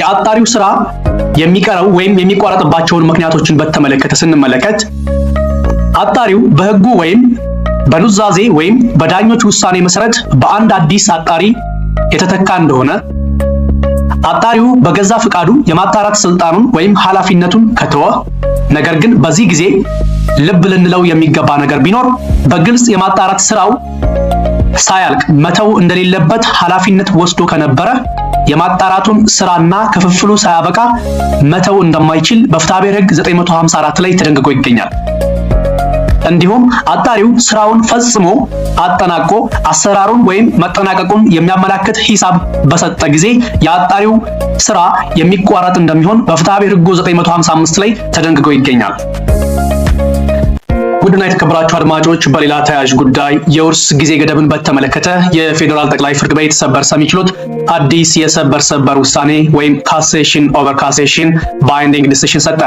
የአጣሪው ስራ የሚቀረው ወይም የሚቋረጥባቸውን ምክንያቶችን በተመለከተ ስንመለከት አጣሪው በህጉ ወይም በኑዛዜ ወይም በዳኞች ውሳኔ መሰረት በአንድ አዲስ አጣሪ የተተካ እንደሆነ አጣሪው በገዛ ፈቃዱ የማጣራት ስልጣኑን ወይም ኃላፊነቱን ከተወ፣ ነገር ግን በዚህ ጊዜ ልብ ልንለው የሚገባ ነገር ቢኖር በግልጽ የማጣራት ስራው ሳያልቅ መተው እንደሌለበት ኃላፊነት ወስዶ ከነበረ የማጣራቱን ስራና ክፍፍሉ ሳያበቃ መተው እንደማይችል በፍትሐብሔር ሕግ 954 ላይ ተደንግጎ ይገኛል። እንዲሁም አጣሪው ስራውን ፈጽሞ አጠናቆ አሰራሩን ወይም መጠናቀቁን የሚያመላክት ሂሳብ በሰጠ ጊዜ የአጣሪው ስራ የሚቋረጥ እንደሚሆን በፍትሐብሔር ሕጉ 955 ላይ ተደንግጎ ይገኛል። ውድና የተከበራችሁ አድማጮች በሌላ ተያያዥ ጉዳይ የውርስ ጊዜ ገደብን በተመለከተ የፌዴራል ጠቅላይ ፍርድ ቤት ሰበር ሰሚ ችሎት አዲስ የሰበር ሰበር ውሳኔ ወይም ካሴሽን ኦቨር ካሴሽን ባይንዲንግ ዲሲሽን ሰጠ።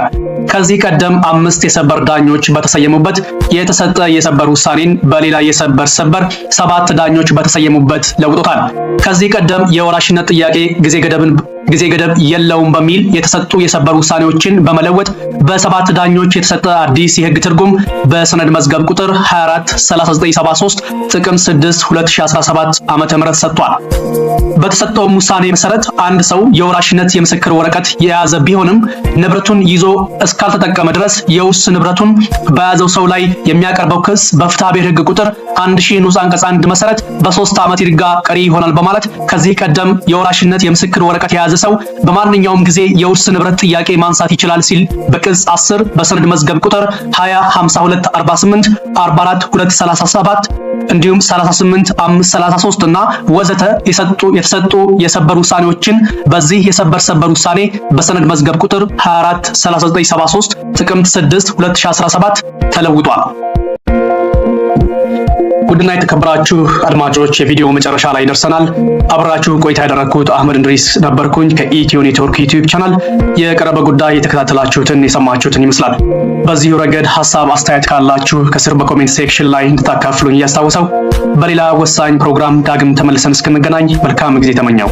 ከዚህ ቀደም አምስት የሰበር ዳኞች በተሰየሙበት የተሰጠ የሰበር ውሳኔን በሌላ የሰበር ሰበር ሰባት ዳኞች በተሰየሙበት ለውጦታል። ከዚህ ቀደም የወራሽነት ጥያቄ ጊዜ ገደብን ጊዜ ገደብ የለውም በሚል የተሰጡ የሰበር ውሳኔዎችን በመለወጥ በሰባት ዳኞች የተሰጠ አዲስ የህግ ትርጉም በሰነድ መዝገብ ቁጥር 243973 ጥቅም 6 2017 ዓ.ም ሰጥቷል። በተሰጠውም ውሳኔ መሰረት አንድ ሰው የወራሽነት የምስክር ወረቀት የያዘ ቢሆንም ንብረቱን ይዞ እስካልተጠቀመ ድረስ የውስ ንብረቱን በያዘው ሰው ላይ የሚያቀርበው ክስ በፍትሐብሔር ህግ ቁጥር 1000 ንዑስ አንቀጽ 1 መሰረት በሶስት ዓመት ይርጋ ቀሪ ይሆናል በማለት ከዚህ ቀደም የወራሽነት የምስክር ወረቀት የያዘ ሰው በማንኛውም ጊዜ የውርስ ንብረት ጥያቄ ማንሳት ይችላል ሲል በቅጽ 10 በሰነድ መዝገብ ቁጥር 2052 48 44 237 እንዲሁም 38 533 እና ወዘተ የሰጡ የተሰጡ የሰበር ውሳኔዎችን በዚህ የሰበር ሰበር ውሳኔ በሰነድ መዝገብ ቁጥር 24 3973 ጥቅምት 6 2017 ተለውጧል። ውድና የተከበራችሁ አድማጮች የቪዲዮ መጨረሻ ላይ ደርሰናል። አብራችሁ ቆይታ ያደረግኩት አህመድ እንድሪስ ነበርኩኝ ከኢትዮ ኔትወርክ ዩቲዩብ ቻናል። የቀረበ ጉዳይ የተከታተላችሁትን የሰማችሁትን ይመስላል። በዚሁ ረገድ ሀሳብ አስተያየት ካላችሁ ከስር በኮሜንት ሴክሽን ላይ እንድታካፍሉኝ እያስታውሰው በሌላ ወሳኝ ፕሮግራም ዳግም ተመልሰን እስክንገናኝ መልካም ጊዜ ተመኘው።